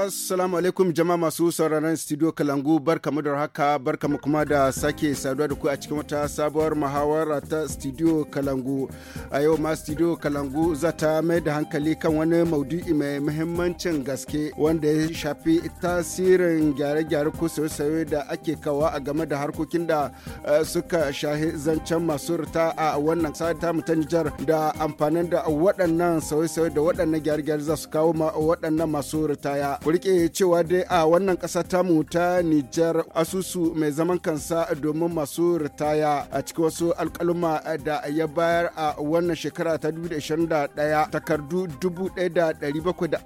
Assalamu alaikum jama'a masu sauraron studio Kalangu barkamu da haka barkamu kuma da sake saduwa da ku a cikin wata sabuwar muhawara ta studio Kalangu. A yau ma studio Kalangu za ta mai da hankali kan wani maudu'i mai muhimmancin gaske wanda ya shafi tasirin gyare-gyare ko sauye-sauye da ake kawa a game da harkokin da eh, suka shahi zancen masu rita a wannan sata ta Nijar da amfanin da waɗannan sauye-sauye da waɗannan gyare-gyare za su kawo ma waɗannan masu ritaya. ku rike cewa dai a wannan kasa tamu ta Nijar asusu mai zaman kansa domin masu ritaya a cikin wasu alƙaluma da ya bayar a wannan shekara ta 2021 takardu 1747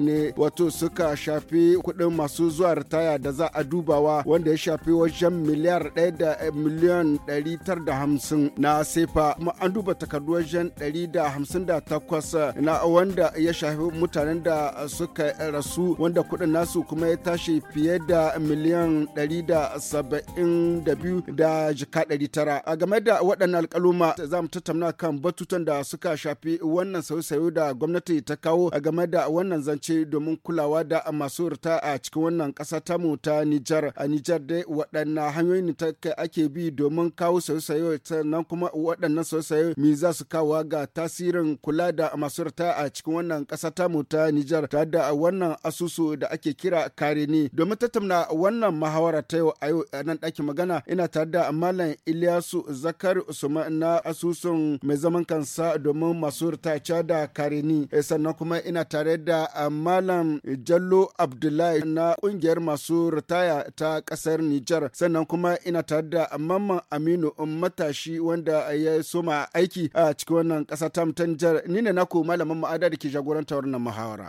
ne wato suka shafi kuɗin masu zuwa ritaya da za a dubawa wanda ya shafi wajen miliyar 1 da miliyan 950 na sefa kuma an duba takardu wajen 158 na wanda ya shafi mutanen da suka rasu wanda kuɗin nasu kuma ya tashi fiye da miliyan 172 da jika 900. A game da waɗannan alƙaluma za mu tattauna kan batutan da suka shafi wannan sauye da gwamnati ta kawo a game da wannan zance domin kulawa da masu rita a cikin wannan ƙasa mu ta Nijar. A Nijar dai waɗannan hanyoyin da ake bi domin kawo sauye-sauye sannan kuma waɗannan sauye-sauye me za su kawo ga tasirin kula da masu rita a cikin wannan ƙasa mu ta Nijar ta da wannan asusu da ake kira kareni domin tattauna wannan mahawara ta yau a yau nan ɗaki magana ina tare da malam Ilyasu Zakar Usman na asusun mai zaman kansa domin masu ritace da kareni eh, sannan kuma ina tare da malam Jallo Abdullahi na kungiyar masu ritaya ta ƙasar Nijar sannan kuma ina tare da Mamman Aminu um, matashi wanda ya soma aiki a cikin wannan ƙasa ta Jihar. ni ne naku malamin ma'ada da ke jagorantar wannan muhawara.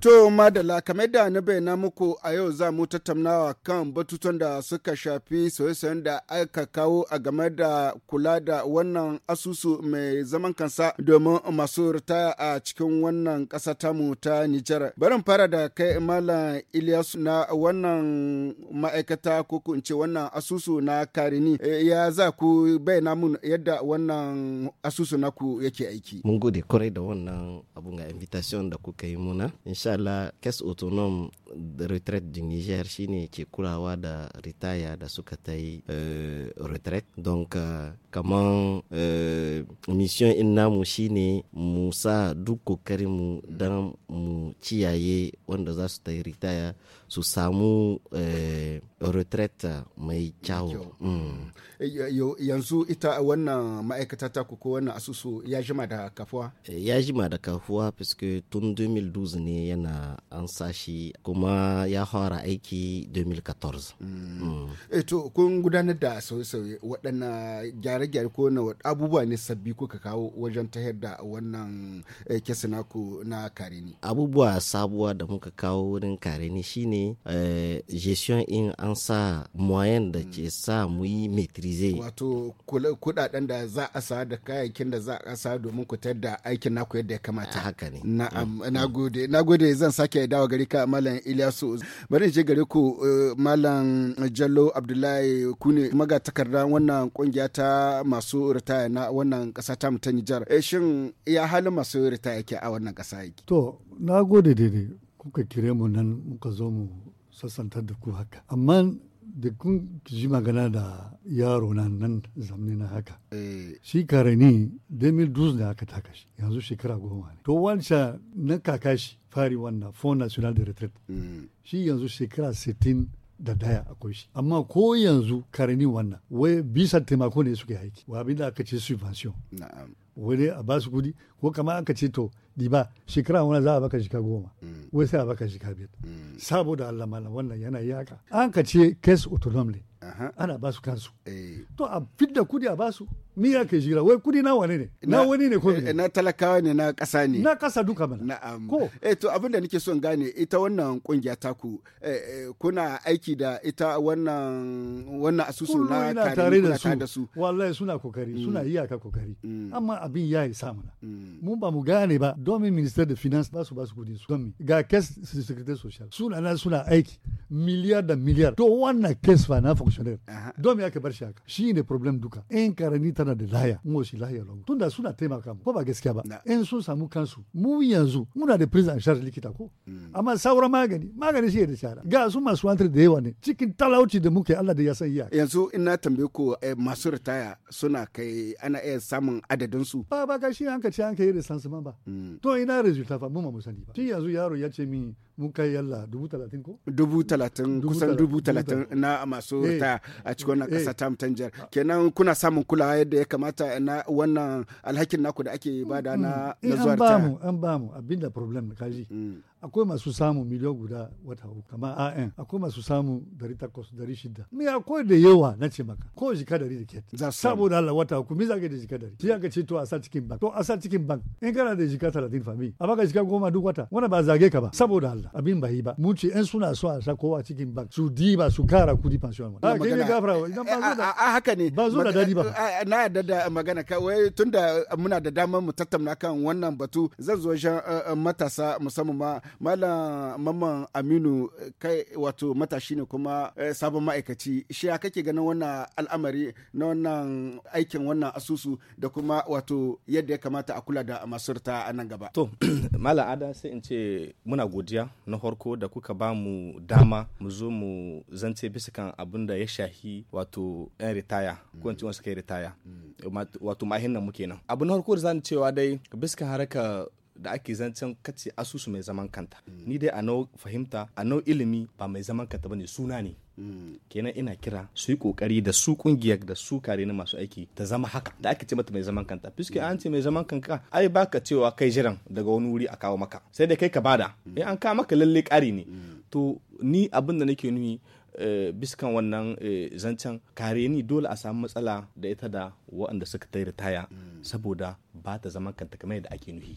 To madala kamar da na bayyana muku a yau za mu tattaunawa kan batutuwan da suka shafi soyayyen da aka kawo a game da kula da wannan asusu mai zaman kansa domin masu ritaya a cikin wannan ƙasa tamu ta Nijar. Barin fara da kai Malam Ilyasu na wannan ma'aikata ko in ce wannan asusu na Karini eh, ya za ku bayyana mun yadda wannan asusu na ku yake aiki. Mun gode kwarai da wannan abun ga invitation da kuka yi muna. Insha la Caisse autonome retrait du niger shine ke kulawa da ritaya da suka ta yi eh, retrait donc kaman eh, eh, mission in namu shine mu sa duk kokarin mu don mu ciyaye wanda za su ta yi ritaya su samu retrait mai kyawu mm. yanzu ita wannan ma'aikata ta ko wannan asusu ya jima da kafuwa ya jima da kafuwa puisque tun 2012 ne yana an sashi kuma ya fara aiki 2014 mm. eto eh, kun gudanar da sauye-sauye waɗanna gyare-gyare ko na abubuwa ne sabbi kuka kawo wajen ta da wannan kesinaku eh, na kareni abubuwa sabuwa da muka kawo wurin kareni shine eh, gestion in an sa moyen da ke mm. sa mu yi maitrize wato kudaden da za a sa da kayayyakin da za a sa domin ku da aikin naku yadda ya kamata haka ne mm. zan sake dawo gari ka malam Ilyasu. Bari je gare ku eh, Malam Jallo Abdullahi kune. ne magatakarda wannan kungiya ta masu ritaya na wannan kasa ta ta Nijar. Eh, shin ya halin masu ritaya yake a wannan kasa yake? To, na gode daidai kuka kire mu nan muka zo mu sassantar da ku haka. Amma da kun ji magana da yaro na nan zamani na haka. Eh. Shi karani 2012 da aka taka shi yanzu shekara goma ne. To wancan na kakashi fari wannan Fond National de Retreat. Mm. Shi yanzu shekara sittin da daya akwai shi. Amma ko yanzu karni wannan wai bisa taimako ne suke aiki. Wa abinda aka ce subvention. Wani a basu kudi ko kama aka ce to diba shekara wani za a baka jika goma mm. wai sai a baka jika biyar mm. saboda Allah malam wannan yana yaka an ka ce case autonom ana ba su kansu eh. to a fidda kudi a ba su mi ya ke jira wai kudi na wani ne na wani ne ko eh, na talakawa ne na kasa ne na kasa duka mana na'am ko eh to abinda nake son gane ita wannan kungiya ku eh, kuna aiki da ita wannan wannan asusu na tare da su wallahi suna kokari suna mm. iyaka kokari amma abin ya yi samuna mun ba mu gane ba don min minister de finance ba su ba su kudin su don ga kes secretary sociale. suna na suna aiki miliyar da miliyar to wannan kes fa na fonctionnaire. don mi aka bar shi haka shi ne problem duka in karani tana da laya mu shi laya longo tunda suna taimaka mu ko ba gaskiya ba in sun samu kansu mu yanzu muna da prison charge likita ko hmm. amma sauran magani magani shi da shara ga su masu wantar da yawa ne cikin talauci da muke Allah da ya san iya yanzu in na tambaye ku eh, masu retire suna kai ana iya samun adadin su ba ba ga shi an ka ce an ka yi da sansu ba hmm. to ina result fa mu ma mu ba tun yanzu yaro ya ce min mun kai yalla dubu talatin ko? dubu talatin kusan dubu talatin na masu eh, ta a cikin wannan kasa eh. ta mutanjar ah. kenan kuna samun kula yadda ya kamata na wannan alhakin naku da ake bada na mm, mm. Eh, zuwar ta an ba mu abinda problem kaji mm. akwai masu samu miliyan guda wata uku kama an akwai masu samu dari takwas dari shida mi akwai da yawa na ce maka ko jika dari da ket saboda Allah wata uku mi zaka da jika dari shi aka ce to a sa cikin bank to a sa cikin bank in kana da jika talatin fami a baka jika goma duk wata wani ba zage ka ba saboda Allah abin ba yi ba mun ce in suna so a sa kowa cikin bank su ba su kara kudi pension a kai ne gafara idan ba zo da haka ne ba zo da dadi ba na yadda da magana ka wai tunda muna da damar mu tattauna kan wannan batu zan zo shan matasa musamman ma malam mamman Aminu kai wato matashi ne kuma eh, sabon ma'aikaci shi ya kake ganin wannan al'amari na wannan aikin wannan asusu da kuma wato yadda ya kamata a kula da masurta a nan gaba to malam ada sai in ce muna godiya na farko da kuka ba mu dama mu zo mu zance bisa kan abin da ya shahi wato 'yan ritaya ko in ce wasu kai ritaya wato mahin nan muke nan abu na farko da zan cewa dai bisa haraka da ake zancen kace asusu mai zaman kanta ni dai a nau fahimta a nau ilimi ba mai zaman kanta bane suna ne kenan ina kira su yi kokari da su kungiyar da su kare na masu aiki ta zama haka da aka ce mata mai zaman kanta fiske an ce mai zaman kanka ai baka cewa kai jiran daga wani wuri a kawo maka sai da kai ka bada in an kawo maka lalle kari ne to ni abin da nake nuni eh, biskan wannan eh, zancen kare ni dole a samu matsala da ita da waɗanda suka ta ritaya saboda ba ta zaman kanta kamar yadda ake nuhi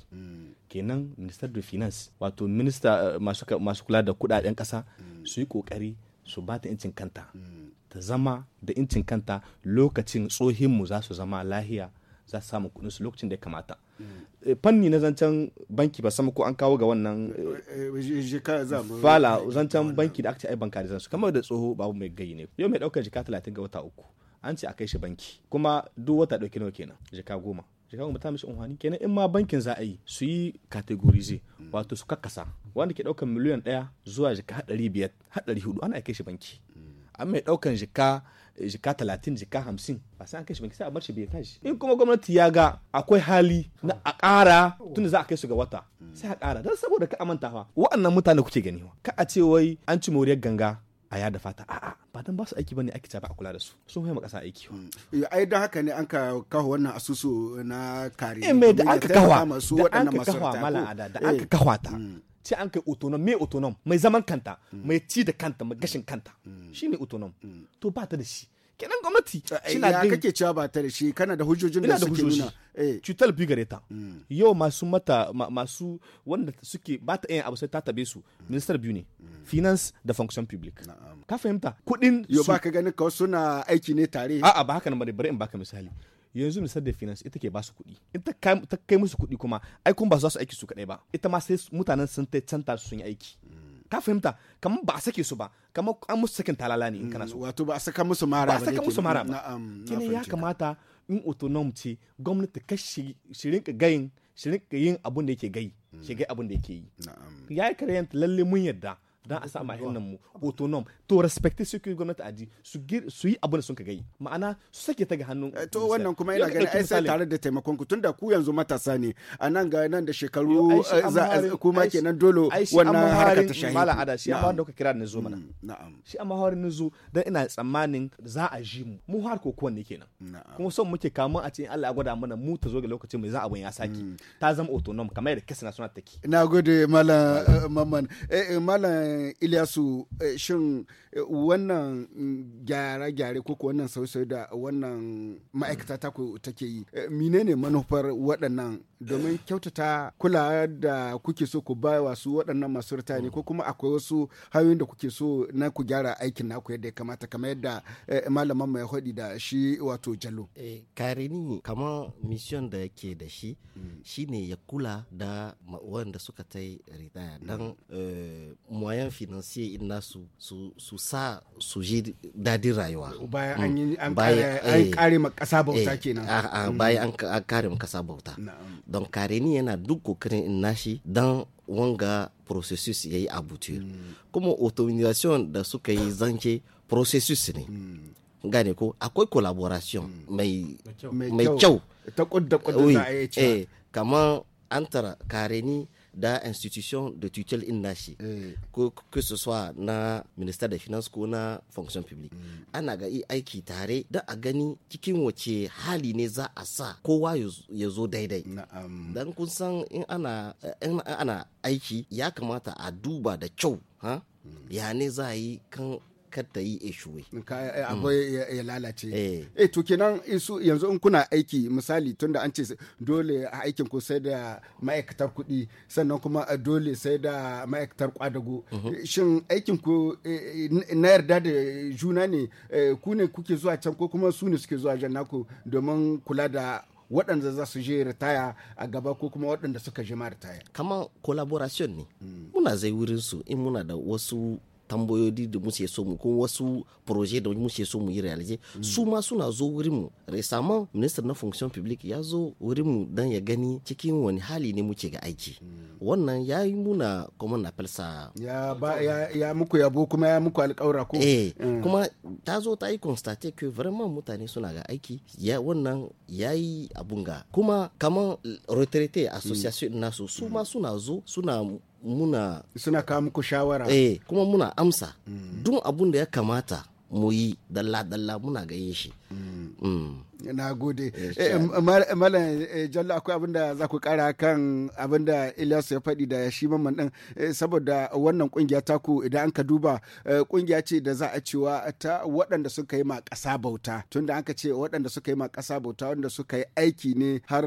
kenan minister da finance wato minista eh, masu kula da kudaden kasa su yi kokari su ba ta incin kanta mm. ta zama da incin kanta lokacin tsohinmu za su zama lahiya za su samu kudinsu lokacin da ya kamata mm. eh, fanni na zancen banki ba sama ko an kawo ga wannan eh, eh, fala zancen banki da aka ce ai banka da zansu kamar da tsoho babu mai gayi ne yau mai daukar jika talatin ga wata uku an ce a kai shi banki kuma duk wata dauki nawa kenan jika goma jika goma ta mishi unhani kenan in ma bankin za a yi su yi categorize wato su kakkasa wanda ke daukan miliyan ɗaya zuwa jika haɗari biyar haɗari hudu ana kai shi banki an mai daukan jika jika talatin jika hamsin ba sai an kai shi banki sai a bar shi bai in kuma gwamnati ya ga akwai hali na a ƙara tunda za a kai su ga wata sai a kara don saboda ka amantawa wa'annan mutane kuke gani ka a ce wai an ci moriyar ganga a yada fata a'a ba dan ba su aiki bane ake ba a kula da su sun haima kasa aiki hmm. ai dan haka ne an ka kawo wannan asusu na kare eh, me da an ka kawa su waɗannan masu malan ada da eh. an ka kawa ta ce hmm. an kai autonom me autonom mai zaman kanta hmm. mai ci da kanta mai gashin kanta shine otonom to ba ta da shi kenan gwamnati shina ya kake cewa ba ta da shi kana da hujojin da suke nuna eh. cutar biyu gare ta hmm. yau masu mata masu wanda suke ba ta yin abu sai ta tabe su hmm. minister biyu ne hmm. finance da function public ka fahimta kudin yo ba ka gani ka suna aiki ne tare a'a ba haka nan bari in baka misali yanzu minister da finance ita ke ba su kuɗi ita ta kai musu kuɗi kuma ai kun ba su aiki su kadai ba ita ma sai mutanen sun ta canta sun yi aiki ka fahimta kamar ba a sake su ba kamar an musu sakin talala ne in kana so mm, wato ba a saka musu mara ba saka musu mara ba kina um, ya kamata in autonom ce gwamnati ka shirin ka gayin shirin ka yin abun da yake gai shi mm. gai abun da yake yi ya yi karyanta lalle mun yadda don a sa ma'ayin nan mu autonom to respecte ce que gwamnati a ji su yi abin da sun ka gai ma'ana su sake ta ga hannun eh, to wannan kuma ina ganin ai sai tare da taimakon ku tunda ku yanzu matasa ne a nan ga nan da shekaru eh, eh, kuma kenan dole wannan harka ta shahi malam ada shi amma da kira ni zo mana mm, na'am shi amma hawarin ni zo dan ina tsammanin za a ji mu mu har kokuwan ne kenan kuma son muke kamun a cikin Allah ya gwada mana mu ta zo ga lokacin mai za a bunya saki mm. ta zama autonom kamar yadda kasa na suna take Na gode, nagode malam Eh, malam Ilyasu eh, shin wannan mm, gyare-gyare ko ko wannan sauye da wannan ma'aikata ta take yi eh, menene manufar waɗannan domin kyautata kulawa da kuke so ku bawa su waɗannan masu ne ko kuma akwai wasu hanyoyin da kuke so na ku gyara aikin naku yadda ya kamata kamar yadda eh, malaman mai hudi da shi wato jalo eh, karini kamar mission da yake da shi mm. shine ya kula da wanda suka ta ritaya dan mm. moyen financier in nasu su sa su ji dadin rayuwa bayan an eh, kare ma kasa bauta eh, mm. kare ma kasa bauta don kare ni yana duk kokarin in nashi don wanga processus ya yi abutuwa mm. kuma automation da suka yi zance processus ne mm. gane ko akwai collaboration mai kyau ta kudda kudda za a yi eh, kamar an tara kare ni da institution de tutelle in nashi ko que ce soit na minister da finance ko na function public mm. ana ga aiki tare da a gani cikin wace hali ne za a sa kowa ya zo daidai dan kun san in ana ana aiki ya kamata a duba da kyau ha mm. ya ne za a yi kan kar ta yi eshuwe. akwai eh, mm. ya lalace eh, eh to kenan yanzu in kuna aiki misali tunda an ce dole aikin ku sai da ma'aikatar kuɗi sannan kuma eh, dole sai da ma'aikatar kwadago mm-hmm. shin aikin ku na yarda da juna ne ku ne kuke zuwa can ko kuma su ne suke zuwa jan naku domin kula da waɗanda za su je ritaya a gaba ko kuma waɗanda suka je ma ritaya. Kamar collaboration ne. Mm. Muna zai wurin su in muna da wasu tambayoyi da muke so mu ko wasu projet da muke so mu yi realize su ma suna zo wurin mu resaman minister na fonction public ya zo wurin mu dan ya gani cikin wani hali ne muke ga aiki wannan ya yi muna common na falsa ya ba ya, ya muku yabo kuma ya muku alƙawara ko eh mm. kuma ta zo ta yi constate que vraiment mutane suna ga aiki ya wannan yi abun ga kuma kaman retraite association nasu su ma suna zo suna muna suna kawo muku shawara eh kuma muna amsa mm. duk abun da ya kamata mu yi dalla dalla muna ganin shi mm. mm. na gode eh, eh, malam eh, jallo akwai abinda za ku kara kan abinda ilyas ya faɗi da shi mamman ɗin saboda wannan kungiya ta ku idan an ka duba kungiya ce da za a cewa ta waɗanda suka yi ma ƙasa bauta tunda an ka ce waɗanda suka yi ma ƙasa bauta wanda suka yi aiki ne har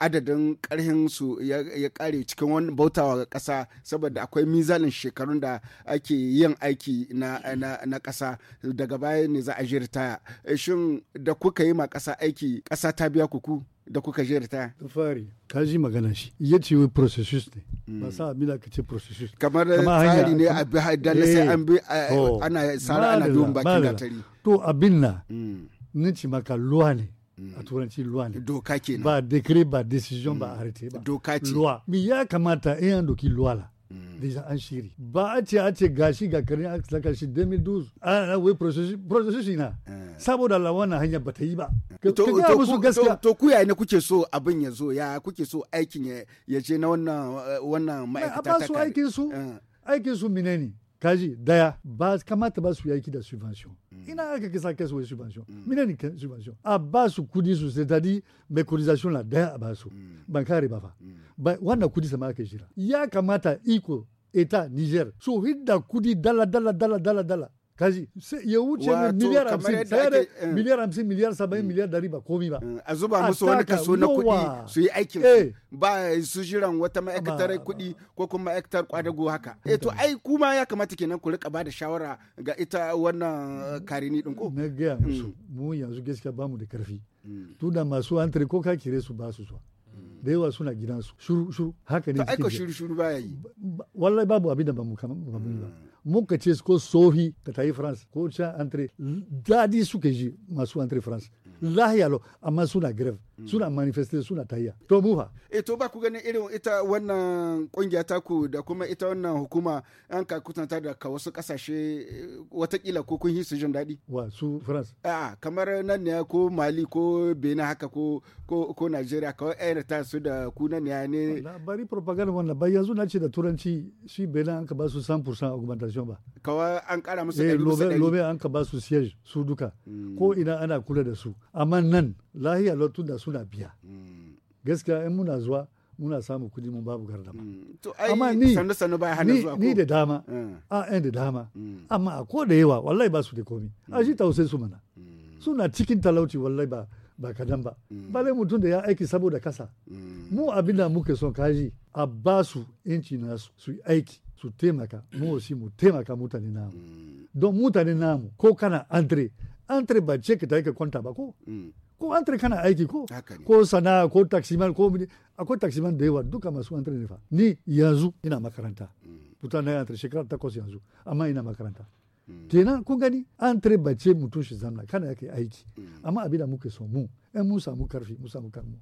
adadin ƙarhin su ya ƙare cikin wani bautawa ga ƙasa saboda akwai mizalin shekarun da ake yin aiki na ƙasa daga baya ne za a jirta shin da kuka yi ma kasa aiki kasa ta biya kuku da kuka jerta. Tufari, ka ji magana shi, iya ce wai processus ne, hmm. ba sa abin ka ce processus. Kamar eh, tsari ne a bi na sai an bi eh, eh, oh. ana sara ana duban bakin gatari. To abin na, hmm. ni ce maka luwa ne. Hmm. a turanci luwa ne doka ke ba decree ba decision ba arrêté ba doka ce luwa mi ya kamata in an doki luwa la Déjà an Syrie. Bah, tu ce été gâché, gashi ga karin aka saka shi 2012. na. Saboda la wannan hanya ba ta yi ba. Ka ga musu To ku yaya ne kuke so abin ya zo ya kuke so aikin ya na wannan ma'aikata ta. menene? kaji daya ba kamata ba su yaki da subvention mm. ina aka kisa kai su subvention mm. ni ne subvention a ba su kudi su c'est tadi dire kurization la daya a ba su mm. ban kare ba fa wannan kudi sama aka jira ya kamata iko eta niger so hidda kudi dala dala dala dala dala kaji ya wuce miliyar hamsin tare eh. miliyar hamsin miliyar saba'in miliyar dari ba komi ba eh, a zuba musu wani kaso na kuɗi su yi aikin eh. ba su jiran wata ma'aikatar kuɗi ko kuma ma'aikatar kwadago haka eh to ai kuma ya kamata kenan ku riƙa ba da shawara ga ita wannan karini ni ko na gaya hmm. mu yanzu gaskiya bamu da karfi hmm. tunda masu antare ko ka kire su ba su zuwa hmm. da yawa suna gidansu shuru shuru haka ne ta aiko shuru shuru baya yi wallahi babu abin da ba mu ba mun ka ce ko sohi ka tafi france ko can antre daɗi suka ji masu antre france lahiya lo amma suna greve Mm. suna manifeste suna tayya to mufa e eh, to ba ku ganin irin ita wannan kungiya ku da kuma ita wannan hukuma an ka kutanta da ka wasu kasashe eh, watakila ko kun yi su jin daɗi wa su france a kamar nan ne ko mali ko benin haka ko ko ko nigeria ka ayyana ta su da ku nan ne ne labari propaganda wannan bai yanzu na ce da turanci shi benin an ka ba su 100% augmentation ba kawai an kara musu 100% eh, lobe an ka ba su siege su duka mm. ko ina ana kula da su amma nan lahiya lotun na suna biya mm. gaskiya in muna zuwa muna samu kudi mun babu gardama mm. amma ni hana zuwa ni da dama mm. a ɗan da dama amma a ko da yawa wallahi ba su da komi a shi tausai su mana suna cikin talauci wallahi ba ba kadan ba balai mutum da ya aiki saboda kasa mu abinda muke son kaji a ba su inci na su aiki su taimaka mu aussi mu taimaka mutane namu don mutane namu ko kana antre antre ba ce ka ta yi ka kwanta ba ko ko antre kana aiki ko ko sana ko taximan ko akwai taximan da yawa duka masu antre ne fa ni yanzu ina makaranta puta na antre shekara takwas yanzu amma ina makaranta tena kun gani antre bace mutum shi zamna kana yake aiki amma abin da muke so mu ɗan mu samu karfi mu samu karmu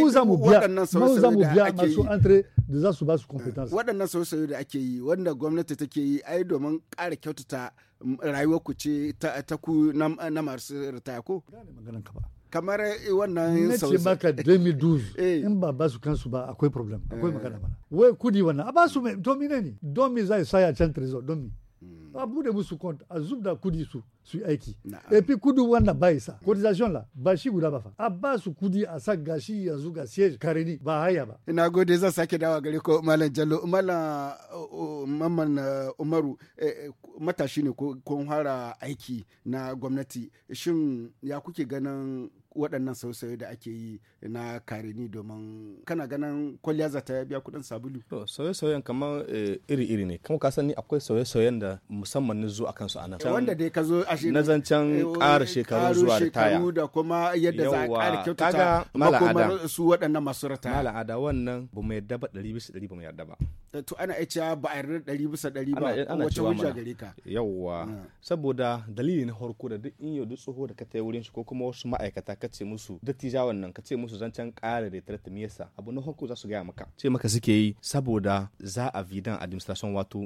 mu za mu biya mu za mu biya masu antre da za su ba su competence waɗannan sau sauye da ake yi wanda gwamnati take yi ai domin ƙara kyautata rayuwar ku ce ta ku na masu ritaya ko gane ka ba kamar wannan na ce maka 2012 eh. in ba ba su kansu ba akwai problem eh. akwai magana mana wai kudi wannan a ba su mai domi ne ne domi za a saya can trezor domi hmm. a bude musu kont a zub da kudi su su aiki. E epi kudu wannan ba isa cotisation la ba shi guda ba fa a ba su kudi a sa gashi yanzu ga siège kareni ba haya ba ina gode zan sake dawa gare ko malam Jalo malam uh, uh, mamman uh, umaru eh, matashi ne ko kun fara aiki na gwamnati shin ya kuke ganin waɗannan sausayi da ake yi na kareni domin kana ganin kwalliya za ta biya kuɗin sabulu. sauye-sauyen kamar eh, iri-iri ne kuma ka ni akwai sauye-sauyen da musamman ni zo akan su a nan. wanda dai ka zo a shi na zancen eh, ƙara shekaru zuwa da taya. da kuma yadda za a ƙara kyautata makomar su waɗannan masu rata. mala ada wannan ba mu yarda ba ɗari bisa ɗari ba mu yarda ba. Eh, to ana iya cewa ba a yarda ɗari bisa ɗari ba wacce hujja gare ka. yawwa ah. saboda dalili na farko da duk in yau duk tsoho da ka ta wurin shi ko kuma wasu ma'aikata ka ce musu dattija nan ka ce musu zancen ƙara tarata me yasa abu na farko za su gaya maka ce maka suke yi saboda za a vidan administration wato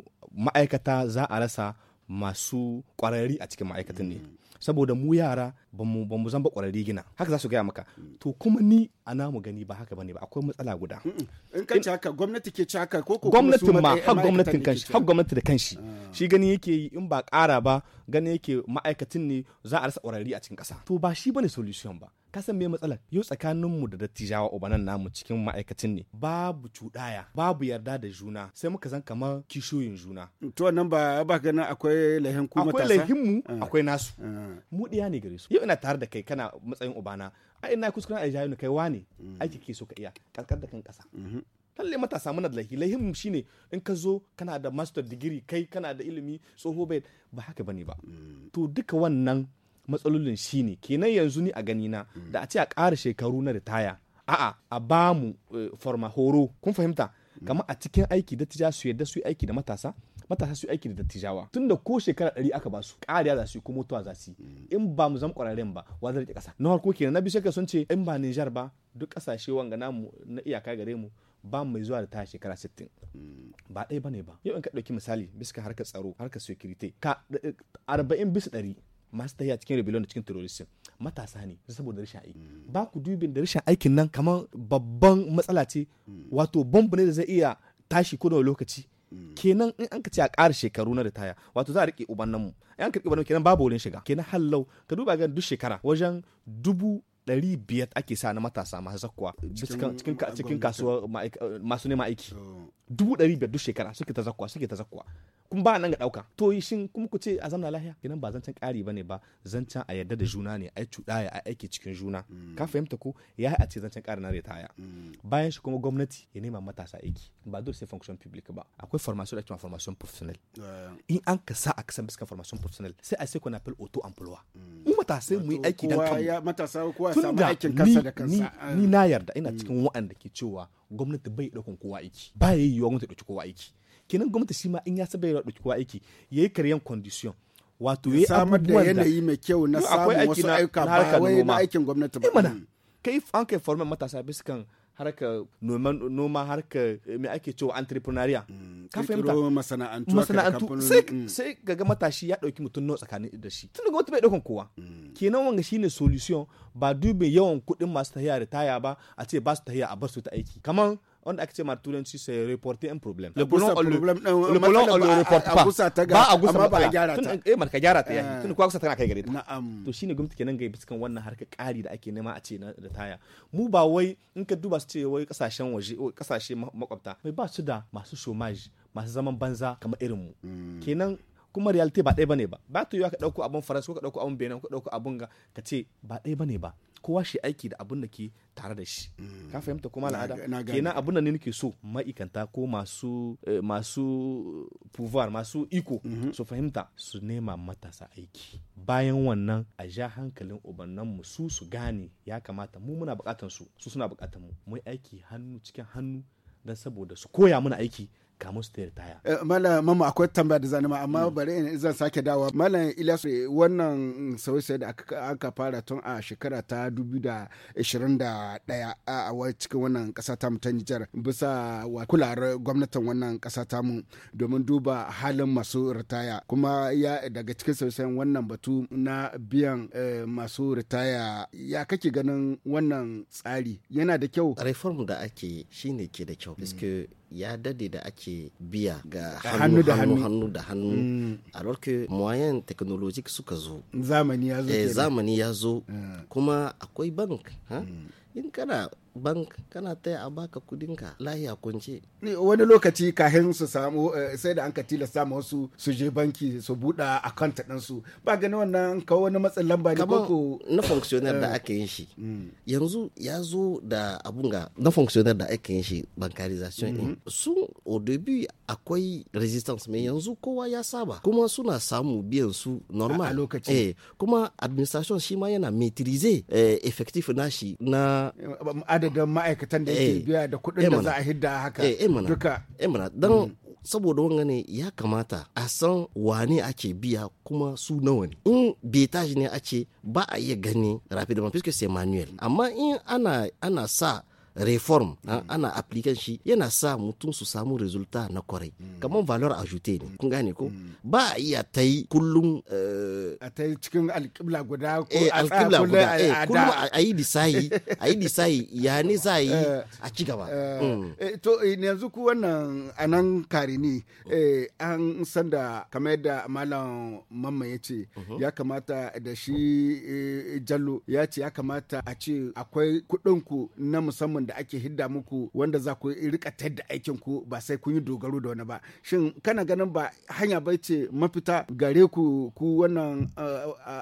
ma'aikata za a rasa masu kwararri a cikin ma'aikatan ne saboda mu yara ba mu zan ba kwararri gina haka za su gaya maka to kuma ni a namu gani ba haka bane ba akwai matsala guda in kan ci haka gwamnati ke ci haka ko ko gwamnatin ma har gwamnatin kanshi har gwamnati da kanshi ah. shi gani yake yi in ba ƙara ba gani yake ma'aikatan ne za a rasa kwararri a cikin ƙasa to ba shi bane solution ba ka san me matsalar yau mu da dattijawa ubanan namu cikin ma'aikacin ne babu cuɗaya babu yarda da juna sai muka san kamar kishiyoyin juna to nan ba ba ganin akwai lahin ku matasa akwai lahin mu ah. akwai nasu ah. mu diya ne gare su yau ina tare da kai kana matsayin ubana a ina kuskuren ni kai wane mm. aiki ke so ka iya karkar da kan kasa mhm. lalle matasa muna da lahi mu shine in ka zo kana da master degree kai kana da ilimi tsoho bai ba haka bane ba mm. to duka wannan matsalolin shine kenan yanzu ni a na. Mm. da a ce a ƙara shekaru na ritaya a'a a ba mu eh, forma horo kun fahimta mm. kamar a cikin aiki dattija su yadda su yi aiki da matasa matasa su yi aiki da dattijawa tunda ko shekara ɗari aka ba su ƙariya za su yi ko mutuwa za su yi mm. in ba mu zama ƙwararren ba wa zai ƙasa na farko kenan na biyu shekara sun ce in ba Nijar ba duk ƙasashe wanga namu na iyaka gare mu ba mai zuwa da ta shekara 60 ba ɗaya ba ne ba yau in ka ɗauki misali bisa harkar tsaro harkar security ka 40 eh, bisa masu tahiya cikin rebellion da cikin terrorism matasa ne saboda rashin aiki mm. ba ku dubin da rashin aikin nan kamar babban matsala ce mm. wato bomb ne da zai iya tashi ko lokaci mm. kenan in an ka ce a ƙara shekaru na ritaya wato za a riƙe mu in an ka uban ubannanmu kenan babu wurin shiga kenan hallau ka duba ga duk shekara wajen dubu ɗari biyar ake sa na matasa masu zakkuwa cikin kasuwa masu neman aiki dubu ɗari biyar duk shekara suke ta zakkuwa suke ta zakkuwa kun ba nan ga ɗauka to shin kuma ku ce a zamna lahiya idan ba zancen ƙari ba ne ba zancen a yarda da juna ne a cuɗaya a aiki cikin juna mm. ka fahimta ko ya a ce zancen ƙari na taya. Mm. bayan shi kuma gwamnati ya nema matasa aiki ba dole sai function public ba akwai formation da ma formation professional eh. in an ka sa a kasan bisa formation professional sai a sai na fil auto emploi mm. mu matasa mu yi aiki dan kanmu matasa kowa ya samu aikin kansa da kansa ni na yarda ina cikin wa'anda ke cewa gwamnati bai ɗaukan kowa aiki ba ya yiwuwa gwamnati ɗauki kowa aiki kenan gwamnati shi ma in ya saba ya ɗauki kowa aiki ya yi karyan condition wato ya samar da yanayi mai kyau na samun wasu aika ba wai na aikin gwamnati ba. Imana eh mm. kai an kai formen matasa bisikan harka noma harka me ake cewa entrepreneuria mm, ka fahimta masana'antu masana'antu sai gaga mm. matashi ya dauki mutum nawa tsakanin da shi tun daga wata bai daukan kowa mm. kenan wanga shine solution ba dubin yawan kuɗin masu tahiya da taya ba a ce ba su tahiya a bar su ta aiki kamar wanda aka ce ma turanci sai reporter un problème le boulon on le le on le ah, reporte ah, pas ba a gusa ba a gyara eh ka gyara ta ah. tun kuwa gusa tana kai gare ta na'am to shine kenan ga biskan wannan harka kari da ake nema a ce na da taya mu ba wai in ka duba su ce wai kasashen waje kasashe makwabta mai ba su da masu chômage masu zaman banza kamar irin mu mm. kenan kuma reality ba ɗaya bane ba ba ta yiwa ka ɗauko abun faransa ko ka ɗauko abun benin ko ka ɗauko abun ga ka ce ba ɗaya bane ba kowa shi aiki da abun da ke tare da shi mm. ka fahimta kuma al'ada kenan abun da ne nake so ma'aikanta ko masu eh, masu pouvoir masu iko mm-hmm. su fahimta su nema matasa aiki bayan wannan a ja hankalin ubannan mu su su gane ya kamata mu muna bukatan su su suna bukatan mu mu aiki hannu cikin hannu dan saboda su koya mana aiki kamun su eh, Mala mama akwai tambaya da zanima amma mm. bari in zan sake dawa. Mala Ilyasu eh, wannan sauye da aka fara tun a shekara ta 2021 a cikin wannan kasa ta mu ta Nijar bisa wa kular gwamnatin wannan kasa ta mu domin duba halin masu ritaya kuma ya daga cikin sauye wannan batu na biyan eh, masu ritaya ya kake ganin wannan tsari yana da kyau. Reform da ake shine ke da kyau. Mm. ya dade da ake biya ga hannu da hannu hannu da hannu a mm. lokacin moyen technologique suka zo zamani ya zo eh, eh. kuma akwai bank ha? Mm. in kana bank kana taya a baka kudinka lahiya kunce wani lokaci kahin su samu eh, sai da an ka tilasta ma wasu su je banki su buɗe akanta ɗin su ba gani wannan ka wani matsin lamba ne ko na fonctionnaire da eh. aka yin shi mm. yanzu ya zo da abun ga na fonctionnaire da aka yin shi bankarization din mm-hmm. su au début akwai resistance mai yanzu kowa ya saba kuma suna samu biyan su normal a lokaci eh kuma administration shi ma yana maîtriser eh, effective nashi na adadin ma'aikatan da yake eh, biya da kudin da eh za a hidda haka eh, duka don mm. saboda wanga ne ya kamata a san wane ake biya kuma su nawa ne in betage ne a ba a iya gani rapidement puisque c'est manuel amma in ana ana sa reform mm. ana application shi yana sa mutum su samu resulta na kwarai mm. kamar valor ajoute ne kun gane ko mm. ba a iya ta yi kullum eh, a ta yi cikin alkibla guda ko eh, a alƙibla guda eh, kullum a yi disayi a yi disayi ya ne za a yi a ci gaba to yanzu ku wannan anan kare karini an sanda kamar yadda malam mamma ya ce mhm. ya kamata da shi jallo ya ce ya kamata a ce akwai kuɗinku na musamman da ake hidda muku wanda za ku rika da aikin ku ba sai kun yi dogaro da wani ba shin kana ganin ba hanya ba ce mafita gare ku ku wannan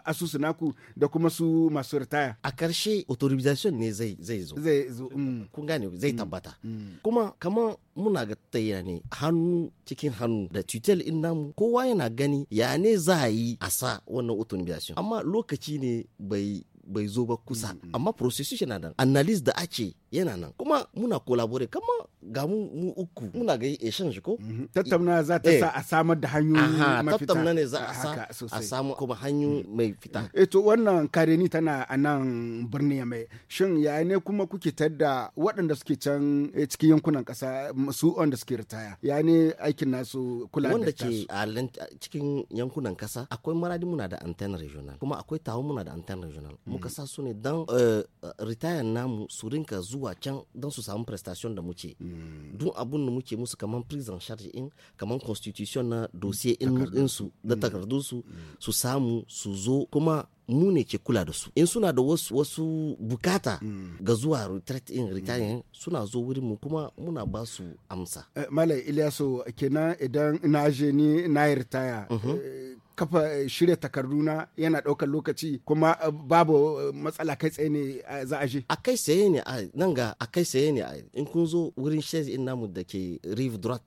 asusu naku da kuma su masu ritaya a karshe authorization ne zai zai zo zai zo mm. kun gane zai mm. tabbata mm. kuma kamar muna ga tayyana ne hannu cikin hannu da tutel in namu kowa yana gani ya ne za a yi a sa wannan authorization amma lokaci ne bai bai zo ba kusa mm-hmm. amma processus yana nan analyse da ake yana nan kuma muna collaborate kama ga mu mu uku muna ga exchange ko mm -hmm. tattauna za ta eh. sa a samar da hanyoyi mafita tattauna ne za a a samu kuma hanyu mm-hmm. mai fita eh to wannan kareni tana a nan birni mai shin ya ne kuma kuke tadda waɗanda suke can eh, cikin yankunan ƙasa mm, su wanda suke ritaya ya ne aikin nasu kula da tasu wanda ke cikin yankunan ƙasa akwai maradi muna da antenna regional kuma akwai tawo muna da antenna regional muka mm. sa su ne don eh, ritaya namu su rinka zuwa can don su samu prestation da muke mm. duk abun da muke musu kamar prison charge in kamar constitution na dossier in su da mm. takardu su su samu su zo kuma mu ne ke kula da su in suna da wasu, bukata ga zuwa retreat in retire suna zo wurin mu kuma muna ba su amsa uh, eh, malai ilyaso kenan idan na je ni na retire mhm. eh, kafa eh, shirya takarduna yana ɗaukar lokaci kuma eh, babu eh, matsala kai tsaye ne za a je a kai tsaye ne a nan ga a kai tsaye ne a in kun zo wurin shez in namu da ke rive droit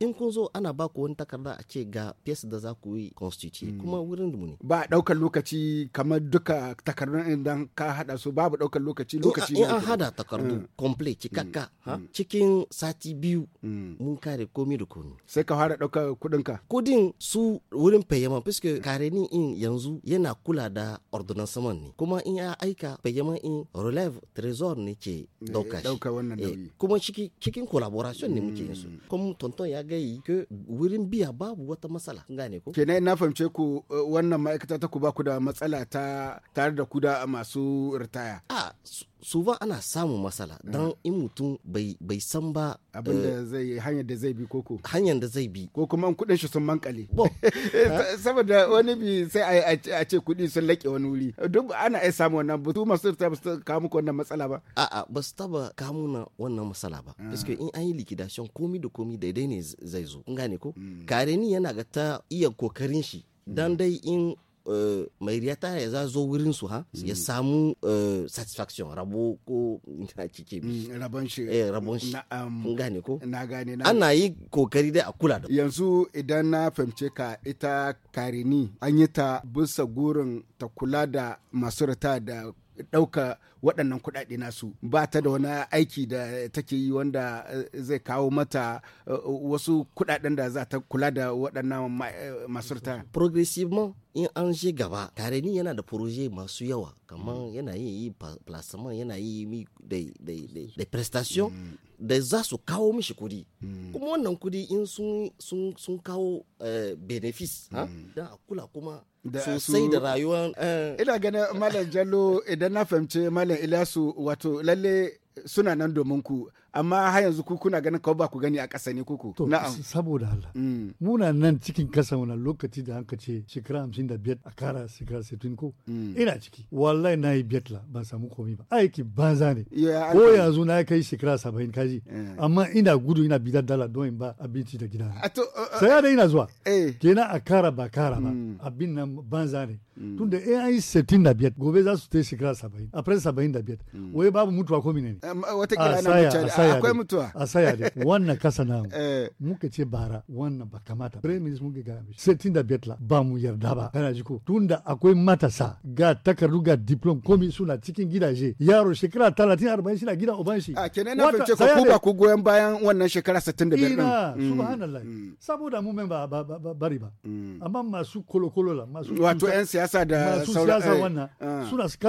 in kun zo ana ba ku wani takarda a ce ga pièce da za ku yi constitute hmm. kuma wurin mu ne ba ɗaukar lokaci kamar duka takardun idan ka hada su babu ɗaukar lokaci lokaci ne an hada takardu hmm. complete cikakka hmm. cikin sati biyu mun kare komi da komi sai ka fara ɗaukar kuɗinka kudin su wurin payement fiske kareni in yanzu yana kula da saman ne kuma in ya aika bayyama in relève trésor ne ke dauka eh, shi eh, kuma cikin collaboration ne muke yinsu mm. kuma tonton ya gayi ke wurin biya babu wata matsala gane ko kenan na fahimce ku eh, wannan ma'aikata ta ku ba ku da matsala ta tare da ku da masu ritaya a ah, su ba ana samun matsala don in mutum bai san ba eh, hanyar da zai bi koko hanyar da zai bi ko kuma kudin shi sun mankale saboda wani bi sai a ce kudi sun laƙe wani wuri duk ana ai samu wannan ba su masu ta ba su kawo wannan matsala ba a'a ba su taba kamu na wannan matsala ba ah. paske in an yi likidation komi da komi daidai ne zai zo in gane ko hmm. kare ni yana ga ta iya kokarin shi dan hmm. dai in Eh, mai riyata ya za zo wurin su ha ya mm. samu eh, satisfaction rabo ko na cike bi mm, rabon shi eh rabon shi kun gane ko na gane na ana yi kokari dai a kula da yanzu idan na fahimce ka ita karini an yi ta bisa gurin ta kula da masu rita da ɗauka waɗannan kuɗaɗe nasu ba ta da wani aiki da take yi wanda eh, zai kawo mata eh, wasu kuɗaɗen da za ta kula da waɗannan eh, masu progressivement in an je gaba tare ni yana da proje masu yawa kamar mm. yana yi plasma yana yi da mm. prestation mm. da za su kawo mishi kudi kuma wannan kudi in sun kawo eh, benefits da a kula kuma sosai da rayuwar eh. ina ganin malam jallo idan na fahimci malam ilasu wato lalle suna nan domin ku amma har yanzu ku kuna ganin kawai ba ku gani a ƙasa ne kuku. To, saboda Allah. Mm. Muna nan cikin ƙasa wani lokaci da hanka ce shekara hamsin da biyar a kara shekara sittin ko. Mm. Ina ciki. Wallahi na yi biyar la ban samu komi ba. Aiki banza ne. Ko yanzu na kai shekara saba'in kaji. Eh. Amma ina gudu ina da dala don in ba abinci da gida. Uh, uh, saya da ina zuwa. Kenan eh. a kara ba kara ba. Mm. Abin nan banza ne. Tun da eh an yi sittin da biyar gobe za su ta shekara saba'in. Après saba'in da biyar. Wai babu mutuwa ko mine ne. Wata kira na mutuwa. akwai mutuwa a saya da wannan kasa na mu eh. muka ce bara wannan ba kamata prime minister muke ga mishi sai tinda betla ba mu yarda ba kana ji ko tunda akwai matasa ga takardu ga komi suna cikin gidaje yaro shekara 30 40 shi na gidan uban shi a kenan na fice ko ba ku goyen bayan wannan shekara 65 mm. subhanallah mm. saboda mu men ba bari ba mm. amma masu kolokolo la masu wato yan siyasa kana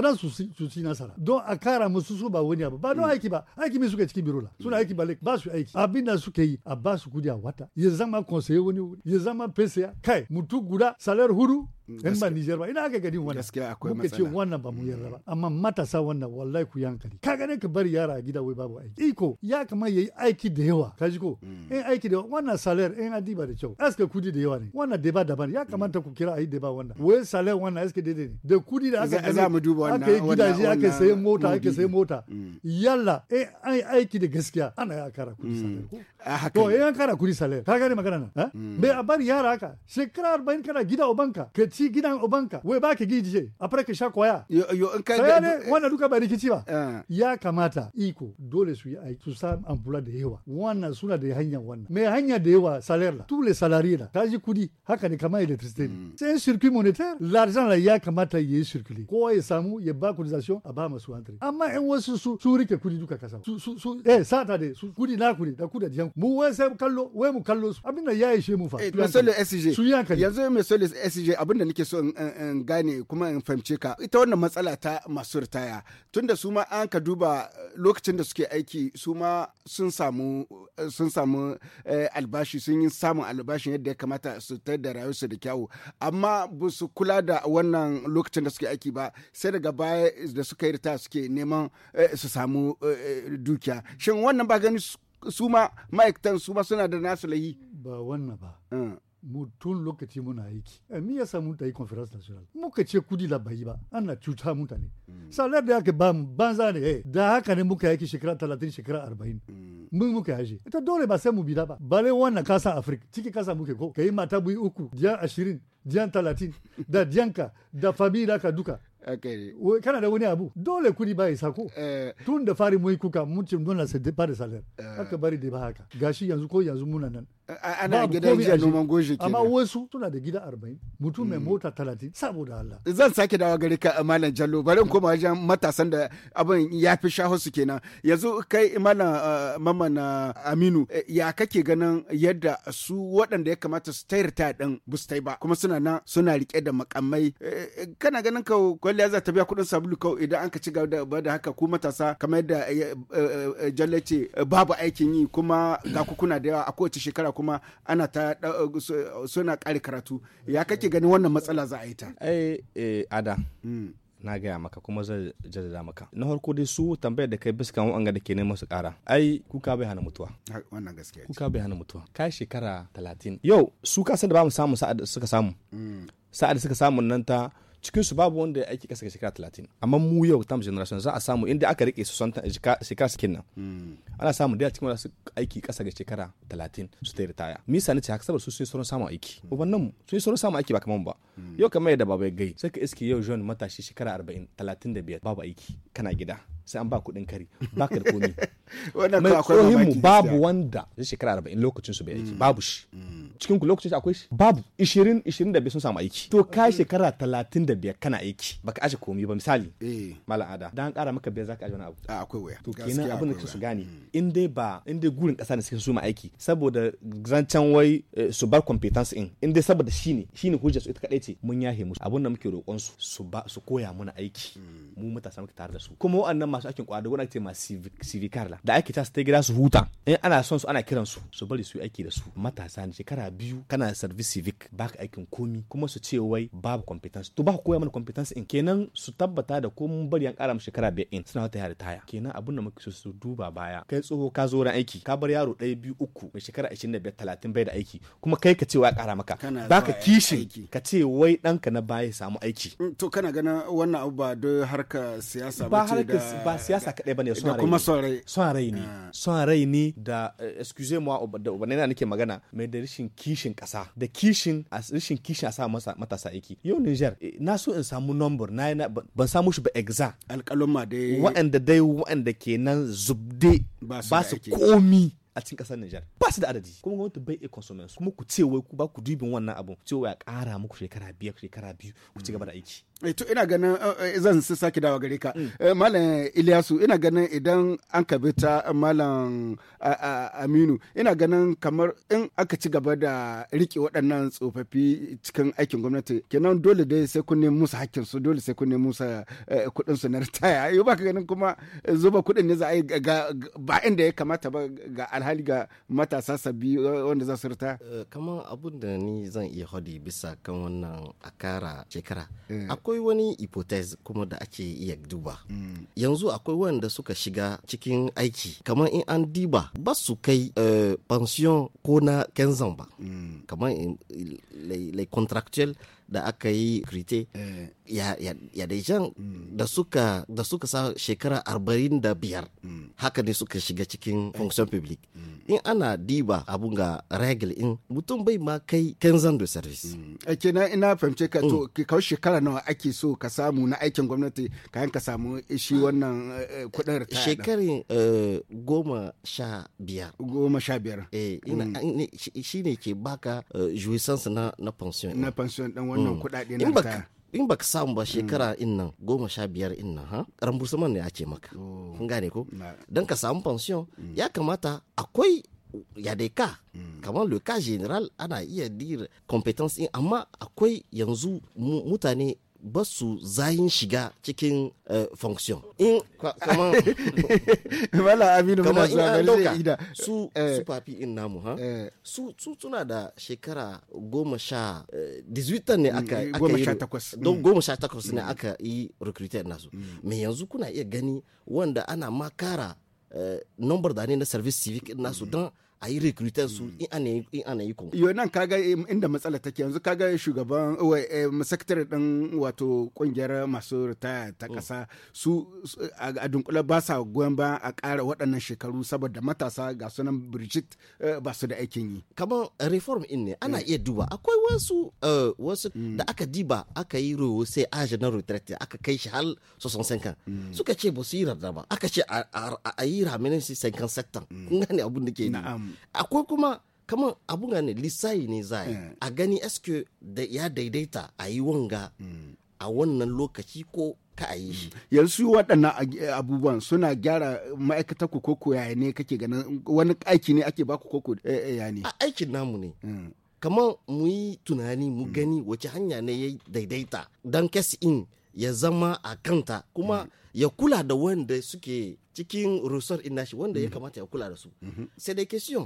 eh, ah. su su nasara don a kara musu su ba wani abu ba don aiki ba aiki mai suka cikin biro karola suna aiki balek ba su aiki abin da suke yi a ba su kudi a wata ya zama konsaye wani wuri ya zama fesiya kai mutu guda salar huru in ba Nijar ba ina ka gani wani gaskiya akwai matsala muke ce wannan ba mu yarda mm. ba amma matasa wannan wallahi ku yankari ka gane ka bari yara a gida wai babu aiki iko ya kamar yayi aiki da yawa ka ji ko mm. in aiki da yawa wannan salaire in an ba da kyau aska kudi da yawa ne wannan deba daban ya kamata mm. ku kira ayi deba wannan wai salaire wannan aska daidai ne da kudi da aka za mu duba wannan aka yi gidaje aka sayi mota aka sayi mota yalla in ai aiki da gaskiya ana ya kara kudi salaire ko to in an kara kudi salaire ka gane magana na bai a bari yara haka shekara 40 kana gida ubanka ka ci gidan ubanka wai baki gijije a farka sha kwaya yo in kai ne wannan duka ba rikici ba eh. ya kamata iko dole su yi aiki su sa amfula da yawa wannan suna da hanyar wannan mai hanya da yawa salar la tule salari la kaji kudi haka ne kamar electricity ne mm. sai circuit monétaire l'argent la ya kamata ya circuit. k'o ya samu ya ba cotisation a ba masu entrée amma in wasu su su rike kudi duka kasa su su su eh sata de su kudi na kudi da kudi jan mu wai sai kallo wai mu kallo su abinda ya ishe mu fa eh, monsieur le SG su yanka yanzu monsieur le SG abinda nake so in gane kuma in fahimce ka ita wannan matsala ta masu ritaya tunda su ma an ka duba eh, lokacin da suke aiki su ma sun samu eh, eh, albashi sun yi samun albashin yadda ya kamata su ta da rayuwarsu da kyawu amma ba su kula da wannan lokacin da suke aiki ba sai daga baya da suka yi ritaya suke neman su samu dukiya shin wannan ba gani su ma ma'aikatan su ma suna da nasu layi ba wannan ba hmm. mu tun lokaci muna aiki y'a eh, yasa mun ta yi conference national muka ce kudi da bai ba na cuta mutane mm. salar da ban ban banza ne eh. da haka ne muka yaki shekara 30 shekara 40 mm. mun muka yaje ita dole ba sai mu bi da ba bare wannan kasa africa ciki kasa muke ko kai mata bui uku diyan 20 diyan 30 da dianka da famila ka duka Okay. kana da wani abu dole kudi ba isa ko uh, tun da fari mu kuka mun ce dole sai da salaire uh, aka bari da ba haka gashi yanzu ko yanzu muna nan ana gidan jiya noman goji ke amma wasu suna da gida 40 mutum mai mm. mota 30 saboda Allah zan sake dawa gari ka eh, malam Jallo bari in koma wajen matasan da abin ya fi shaho su kenan yanzu kai malam eh, Mamman eh, Aminu ya kake ganin yadda su waɗanda ya kamata su tayar ta din bustai ba kuma suna nan suna rike da makamai kana ganin ka kwalliya za ta biya kuɗin sabulu kau idan an ka ci gaba da haka ku matasa kamar yadda Jallo babu aikin yi kuma ga kuna da yawa a kowace shekara kuma ana ta suna ƙari karatu ya kake ganin wannan matsala za a yi ta eh ada hmm. na gaya maka kuma zai jaddada maka na farko dai su tambayar da kai biskan wa'anga da ke neman su kara ai kuka bai hana mutuwa wannan gaskiya kuka bai hana mutuwa kai shekara talatin yau su kasan da ba mu samu sa'ad suka samu hmm. sa'ad suka samu nan ta cikin su babu wanda ya aiki kasa ga shekara talatin amma mu yau tam generation za a samu inda aka rike su son shekara sikin nan hmm. ana samu da cikin wasu aiki kasa ga shekara talatin su ta ritaya misa ni ce haka saboda su sun sauran samun aiki nan hmm. sun sauran samun aiki ba kaman ba hmm. yau kamar yadda babu ya gai sai ka iske yau jeune matashi shekara arba'in talatin da biyar babu aiki kana gida sai an ba kuɗin kari ba ka da komi mai tsohin mu babu wanda zai shekara arba'in lokacin su bai aiki mm. babu shi mm. cikin ku lokacin akwai shi babu ishirin ishirin da sun samu aiki to ka shekara talatin da biyar kana aiki baka aje komi ba misali eh. malam ada dan kara maka biyar zaka aje wani abu a akwai waya to kenan abin da su gane mm. in dai ba in dai gurin kasa ne suke su ma aiki saboda zancen wai eh, su bar competence in in dai saboda shine shine hujjar su ita kadai ce mun yahe musu abin da muke roƙon su su koya muna aiki mu matasa muke tare da su kuma wa'annan masu aikin kwadago wanda ake masu civicar la da ake ta ta gida su huta in ana son su ana kiran su su bari su yi aiki da su matasa ne shekara biyu kana service civic baka aikin komi kuma su ce wai babu competence to ba koya mana competence in kenan su tabbata da ko mun bari an kara mu shekara biyar in suna wata yare taya kenan abin da muke so su duba baya kai tsoho ka zo ran aiki ka bar yaro ɗaya biyu uku mai shekara biyar talatin bai da aiki kuma kai ka ce wa kara maka baka kishin ka ce wai ɗanka na baya samu aiki mm, to kana ganin wannan abu ba don harkar siyasa ba ce da ba siyasa kaɗai ba ne son rai ne ah. son rai ne da eh, excuse mu da na nake magana mai da rashin kishin kasa. da kishin rashin kishin a sa matasa aiki yau Niger eh, na so in samu number na ban samu shi ba exa alƙaluma dai waɗanda dai waɗanda nan zubde ba su komi a cikin kasar Nijar ba su da adadi kuma gwamnati bai iya consumers kuma ku ce wai ku ba ku dubin wannan abu cewa ya kara muku shekara biyar shekara biyu ku ci gaba da aiki Eh, to ina ganin eh, eh, zan sake dawa gare ka mm. malam iliyasu ina ganin idan an kabe ta malam aminu ina ganin kamar in aka ci gaba da rike waɗannan tsofaffi cikin aikin gwamnati kenan dole dai sai kun nemi musu hakkin dole sai kun nemi musu kuɗin na ritaya yau baka ganin kuma zuba kuɗin ne za a yi ba inda ya kamata ba ga alhali ga matasa sabbi wanda za su ritaya kamar abun da ni zan iya hadi bisa kan wannan akara shekara akwai wani hypothèse kuma da ake iya duba mm. yanzu akwai wanda suka shiga cikin aiki kamar in an diba ba su kai eh, pension ko na kenzan ba mm. kamar les contractuels da aka yi krite eh. ya dai can hmm. da suka da suka sa shekara arba'in da biyar hmm. haka ne suka shiga cikin eh. function public hmm. in ana diba abun ga regal in mutum bai ma kai kenzan da service a na ina fahimce ka to kawai shekara nawa ake so ka samu na aikin gwamnati kayan ka samu shi wannan eh, kudin ritaya shekarin goma sha biyar goma sha biyar shi ne ke baka jouissance na pension na pension wannan mm. kuɗaɗe na ta in baka samu ba shekara mm. in nan goma sha biyar in nan ha rambursaman ne ake maka oh. kun gane ko don ka samu pension mm. ya kamata akwai ya dai ka kamar le cas general ana iya dir competence in amma akwai yanzu mutane ba su zayin shiga cikin eh, function in kama su eh. su papi in namu ha eh. su su tuna da shekara goma sha 18 ne aka mm, yi don mm. goma sha takwas ne mm. aka yi recruiter nasu me yanzu kuna iya gani wanda ana makara kara number da ne na service civic nasu don a yi rekrutan su mm. in ana yi kun. Yau nan kaga eh, inda matsala take yanzu kaga shugaban eh, eh, sakatare ɗin wato kungiyar masu ritaya ta kasa mm. su a dunkula ba sa goyon ba a ƙara waɗannan shekaru saboda matasa ga sunan Brigitte ba su da aikin yi. Kamar reform in ne ana mm. iya duba akwai wasu wasu da aka diba aka yi rowo sai aji na retreat aka kai shi hal sosan sankan suka ce ba su yi rarraba aka ce a yi raminin sankan sektan abin da ke yi. akwai kuma kamar abu ne lissayi ne za a eh. a gani eske da ya daidaita a yi wanga mm. a wannan lokaci ko ka a yi shi. Mm. Yanzu waɗannan abubuwan suna gyara ma'aikatar ku koko yaya ne kake ganin wani aiki ne ake baku koko yaya eh, eh, ne? A aikin namu ne. Mm. Kamar mu yi tunani mu gani wace hanya ne ya daidaita don kes in ya zama a kanta kuma mm-hmm. ya kula da wanda suke cikin rusar inashi wanda ya mm-hmm. kamata ya kula da su mm-hmm. sai dai question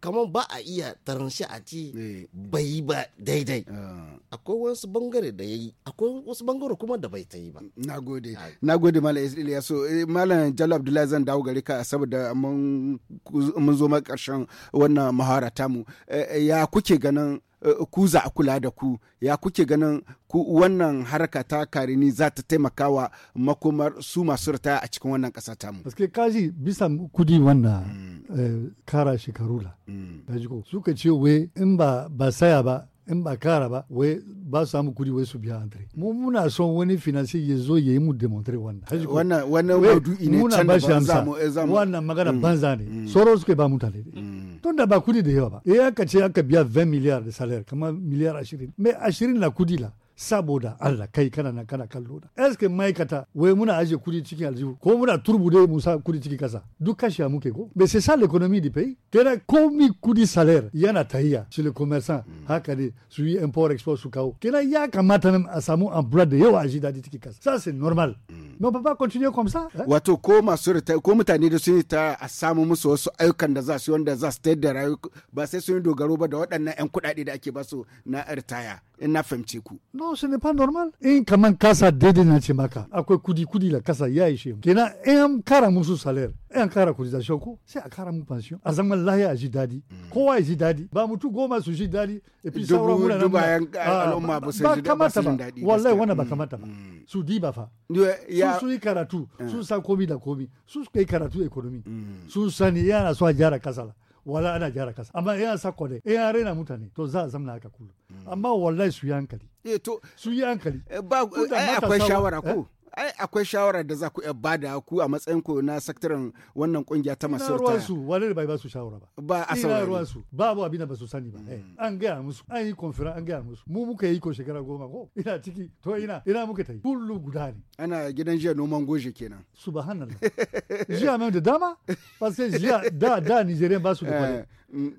kamar ba a iya taranshi a ci eh. bai yi ba daidai ah. akwai wasu bangare da ya yi akwai wasu bangare kuma da bai ta yi ba Nagode ah. nagode malam ya so eh, malam jalo abdullahi zan dawo gari ka saboda mun zo ma karshen wannan mahara tamu eh, ya kuke ganin Eh, ku za a kula da ku ya kuke ganin ku wannan harka ta karini za ta taimakawa makomar su masu ritaya a cikin wannan ƙasa tamu. Aske kaji bisa kudi wannan mm. eh, kara shekaru la. Mm. Suka ce we in ba saya ba in ba kara ba wai ba su samu kudi wai su biya antare mu muna son wani finansi ya zo ya yi mu demontre wannan wannan wannan maudu'i ne can da ban eh, zamu wannan magana mm. banza ne mm. soro suke ba mutane mm. tun da ba kudi da yawa ba eh aka ce aka biya 20 miliyar da salari kamar miliyar 20 mai 20 na kudi la saboda Allah kai kana nan kana kallo da eske maikata wai muna aje kudi cikin aljihu ko muna turbu dai mu sa kudi cikin kasa duk kashiya muke ko bai sai sa l'économie du pays kana komi kudi salaire yana tahiya chez le commerçant mm. haka ne su yi import export su kawo kana ya kamata nan a samu emploi da yawa aji dadi cikin kasa ça c'est normal mm. mais on peut pas continuer comme ça wato ko masu ko mutane da sun yi ta a samu musu wasu ayyukan da za su wanda za su tayar da rayu ba sai sun yi dogaro ba da waɗannan 'yan kuɗaɗe da ake basu na ritaya in na fahimce ku. No non ce n'est pas normal in kaman kasa daidaina ce a quoi kudi kudi la kasa ya ici? mu kenan in e an kara musu salari in e an kara cotisation ko sai a kara mu pension a zaman lahiya a jidadi. dadi mm. kowa e jidadi? dadi ba mutu goma su jidadi. dadi et puis sauran muna nan ah, al'umma ba sai ji kamata ba wallahi wana ba mm. kamata ba mm. su di ba fa su su yi karatu sun san komi da komi su su yi karatu economy sun sani yana so a jara kasa wala ana gyara kasa amma yana sa kode. y'a arena mutane to za a zamna haka Mm. amma wallahi su yi hankali eh to su yi hankali eh, ba eh, akwai shawara ko eh? ai akwai shawara da za ku iya bada ku a matsayin ku na sakataren wannan kungiya ta masu ruwa su wani ne bai ba su shawara ba ba a saurari ruwa su ba abu abin da ba su sani ba mm. an gaya musu an yi konfiran an gaya musu mu muka yi ko shekara goma ko ina ciki to ina ina muka ta yi kullu guda ne ana gidan jiya noman goje kenan subhanallah jiya mai da dama parce que jiya da da nigerian ba su da kwale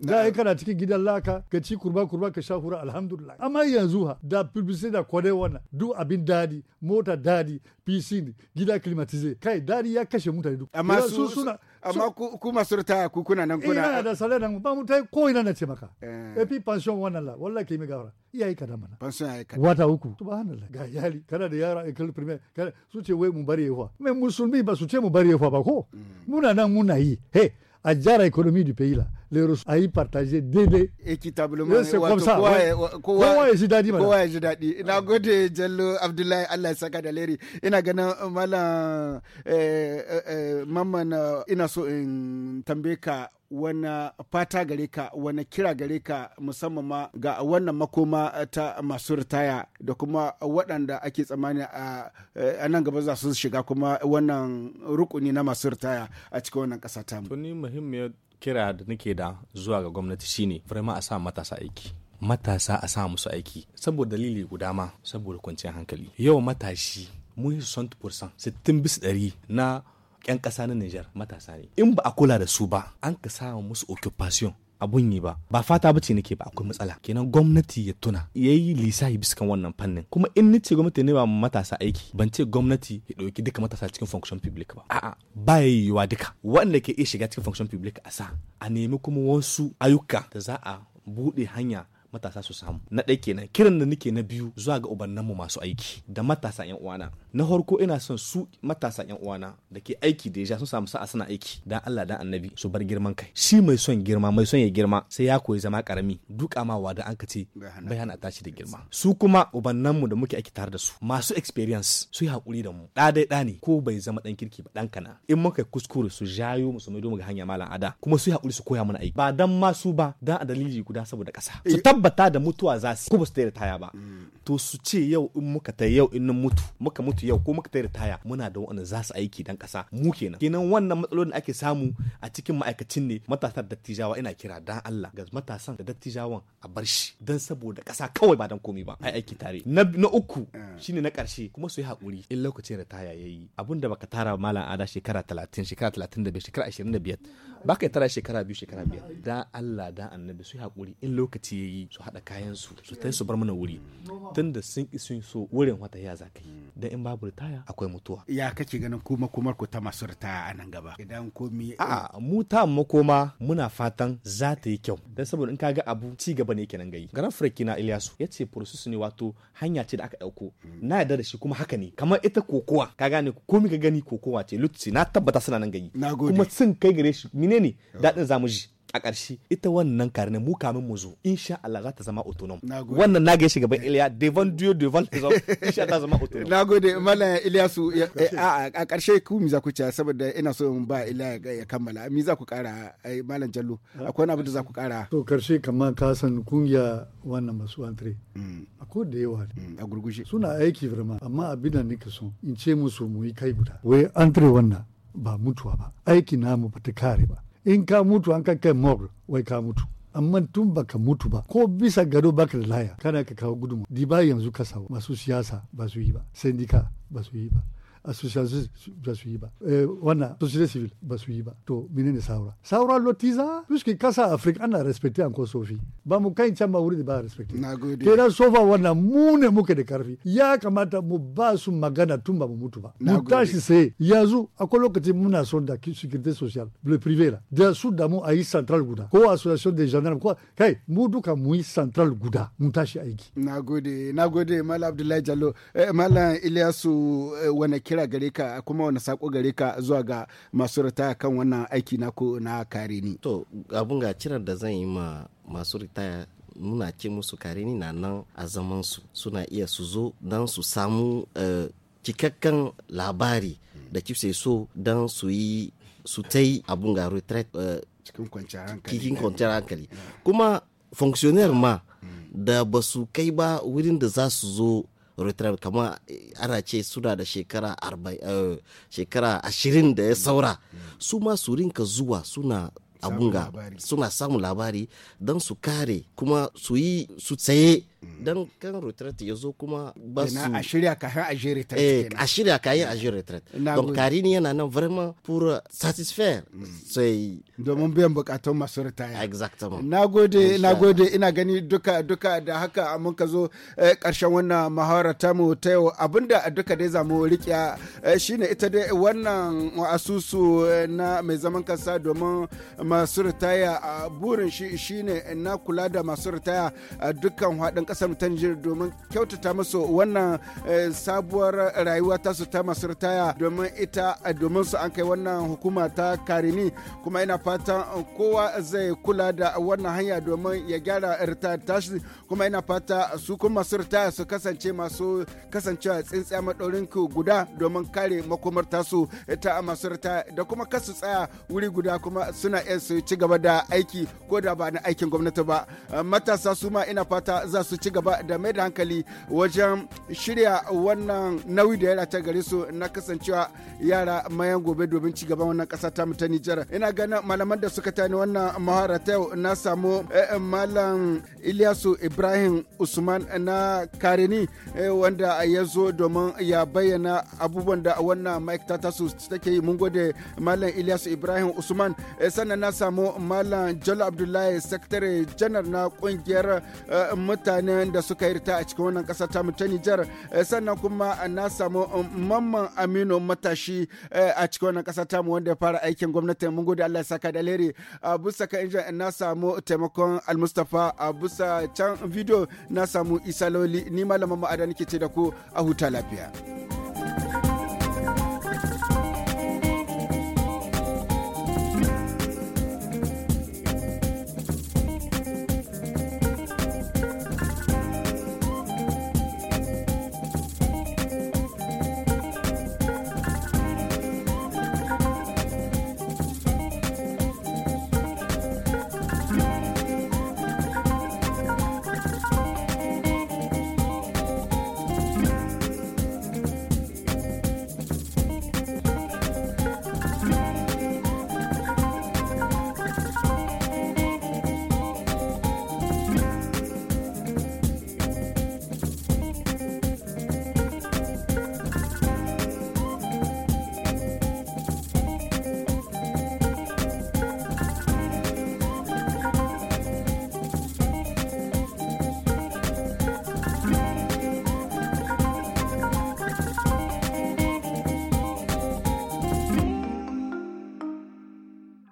da ya kana cikin gidan laka ka ci kurba kurba ka sha hura alhamdulillah amma yanzu ha da publicity da kwade wannan duk abin dadi mota dadi pc gida climatize kai dadi ya kashe mutane duk amma su suna amma ku masu ritaya ku kuna nan kuna ina da sale nan ba mu tai ko ina na ce maka eh fi pension wannan la wallahi kai mi gawara iya yi kada mana pension iyaye kada wata uku subhanallah ga yali kana da yara ekal premier kana su ce wai mu bari yawa me musulmi ba su ce mu bari yawa ba ko mm. muna nan muna yi he a jara economy du pays la les ressources a yi partager daidai équitablement c'est comme ça Comment est-ce que kowa ya ji daɗi kowa ya ji daɗi na gode jallo abdullahi allah ya Jello da Allah ina ganin malam eh, eh, eh, mamman ina so in tambaye ka wani fata gare ka wani kira gare ka musamman ma ga wannan makoma ta masu ritaya da kuma waɗanda ake tsammani a nan gaba za su shiga kuma wannan rukuni na masu ritaya a cikin wannan ƙasa tamu. Tuni muhimmiyar kira da nake da zuwa ga gwamnati shine vraiment a sa matasa aiki matasa a sa musu aiki saboda dalili guda ma saboda kwanciyar hankali yau matashi mun yi 60% 60 bis 100 na 'yan ƙasa na Nijar matasa ne in ba a kula da su ba an ka sa musu occupation abun yi ba ba fata ba ce nake ba akwai matsala kenan gwamnati ya tuna ya yi lisafi bisa kan wannan fannin kuma in ni ce gwamnati ne ba matasa aiki ban ce gwamnati ya ɗauki duka matasa cikin function public ba a'a ba ya yiwuwa duka wanda ke iya shiga cikin function public a sa a nemi kuma wasu ayyuka da za a buɗe hanya matasa su samu na ɗaya kenan kiran da nake na biyu zuwa ga ubannanmu masu aiki da matasa yan uwana na farko ina son su matasa yan uwana da ke aiki da deja sun samu sa'a suna aiki dan Allah dan annabi su bar girman kai shi mai son girma mai son ya girma sai ya koyi zama karami duka ma wada an kace bai hana tashi da girma su kuma ubannanmu da muke aiki tare da su masu experience su yi hakuri da mu da dai da ne ko bai zama dan kirki ba dan kana in muka kuskure su jayo mu su mai mu ga hanya malam ada kuma su yi hakuri su koya mana aiki ba dan ma su ba dan a dalili guda saboda kasa su eh. tabbata da mutuwa za su kuma su ta ba to su ce yau in muka ta yau in mutu muka mutu yau ko muka ta ritaya muna da wanda za su aiki dan kasa mu kenan kenan wannan matsalolin da ake samu a cikin ma'aikacin ne matasan dattijawa ina kira dan Allah ga matasan da dattijawan a bar shi dan saboda kasa kawai ba dan komai ba ai aiki tare na, na uku eh. shine na karshe kuma su yi hakuri in lokacin ritaya yayi abinda baka tara malam ada shekara 30 shekara 35 shekara 25 baka tara shekara biyu shekara biyar dan Allah dan annabi su yi hakuri in lokaci yayi su hada kayan su su tai su bar mana wuri tunda sun isu sun so wurin wata ya za ka yi hmm. da in babu ritaya akwai mutuwa ya kake ganin kuma kumar ku ta masu ritaya a nan gaba idan komi eh? a mu ta makoma muna fatan za ta yi kyau dan saboda in ka ga abu ci gaba ne kenan gayi garan firki na ya yace process ne wato hanya ce da aka dauko hmm. na yarda da shi kuma haka ne kamar ita kokowa ka gane mi ka gani kokowa ce lutsi na tabbata suna nan gayi kuma sun kai gare shi menene dadin zamuji a ƙarshe ita wannan karne mu kamin mu zo insha Allah za ta zama autonom wannan na gaishe gaban Iliya Devon duyo Devon insha Allah ta zama autonom nagode Iliya su a ƙarshe ku mi za ku ci saboda ina so in ba Iliya ya kammala mi za ku ƙara eh, mallam Jallo akwai wani abu da za ku ƙara to ƙarshe kamar ka san kungiya wannan masu antre mm. akwai da yawa mm, a gurgushe suna aiki firma amma abin da nake so in ce musu mu yi kai guda wai antre wannan ba mutuwa ba aiki namu ba ta kare ba in ka mutu an ka kai mor wai ka mutu amma tun baka mutu ba ko bisa gado baka da laya kana ka kawo gudunmu di ba yanzu kasawa. masu siyasa ba su yi ba sendika ba su yi ba association ba su yi ba eh, wannan société civile ba su yi ba to menene saura saura lotiza puisque kasa afrique ana respecté encore sofi ba mu kai can ba wuri da ba respecté kenan sofa wannan mu ne muke da karfi ya kamata mu ba su magana tun ba mu mutu ba mu tashi sai yanzu akwai lokacin muna son da sécurité sociale le privé la da su da mu a yi central guda ko association des gendarmes ko kai mu duka mu yi central guda mu tashi aiki nagode nagode malam abdullahi jallo eh, malam ilyasu eh, wani kira gare ka kuma wani sako gare ka zuwa ga masu ritaya kan wannan aiki na ko na kare ni to abun ga kiran da zan yi ma masu ritaya muna ce musu kare ni na nan a zaman su suna iya su zo don su samu eh, cikakken labari da kifse so don su yi su ta yi abun ga eh, cikin kwanciyar hankali kuma fonctionnaire ma mm. da ba su kai ba wurin da za su zo retire kamar eh, ana ce suna da shekara eh, shekara ashirin da ya saura su ma su rinka zuwa suna abunga suna samun labari don su kare kuma su yi su tsaye Mm. don kan retret ya zo kuma ba su a shirya ka a je retret eh a shirya kayan a je retret don karini yana nan vraiment pour uh, satisfaire mm. sai domin biyan bukatun masu ritaya exactement nagode nagode ina gani duka duka da haka mun ka zo karshen eh, wannan muhawara ta mu ta yau abinda duka dai zamu rikiya eh, shine ita dai wannan asusu eh, na mai zaman kansa domin masu ritaya burin shi shine na kula da masu ritaya dukkan hadin kasar tanjir domin kyautata musu wannan eh, sabuwar rayuwa ta su ta masu ritaya domin ita eh, domin su an kai wannan hukuma ta karini kuma ina fatan eh, kowa zai kula da wannan hanya domin ya gyara ritaya ta shi kuma ina fata su kuma masu ritaya su kasance masu kasancewa tsintsiya maɗaurin guda domin kare makomar tasu ta masu ritaya da kuma kasu tsaya wuri guda kuma suna iya su ci gaba da aiki ko da ba na aikin gwamnati ba matasa su ma ina fata za su ci gaba da mai da hankali wajen shirya wannan nauyi da ya rata gare su na kasancewa yara mayan gobe domin ci gaban wannan kasa ta ta Nijar. Ina ganin malaman da suka tani wannan mahara ta yau na samu eh, malam iliyasu Ibrahim Usman na Kareni eh, wanda ya zo domin ya bayyana abubuwan da wannan mike ta tasu take yi mun gode malam Ilyasu Ibrahim Usman eh, sannan na samu malam Jalo Abdullahi Sakatare janar na kungiyar mutane ainihin da suka yi rita a cikin wannan ƙasa ta mu ta Nijar eh, sannan kuma eh, na samu um, mamman Aminu matashi eh, a cikin wannan ƙasa ta mu wanda ya fara aikin gwamnati mun gode Allah ya saka da alheri a ka injin na samu taimakon Almustafa a bisa can video na samu Isa Loli ni malama ma'ada nake ce da ku a huta lafiya.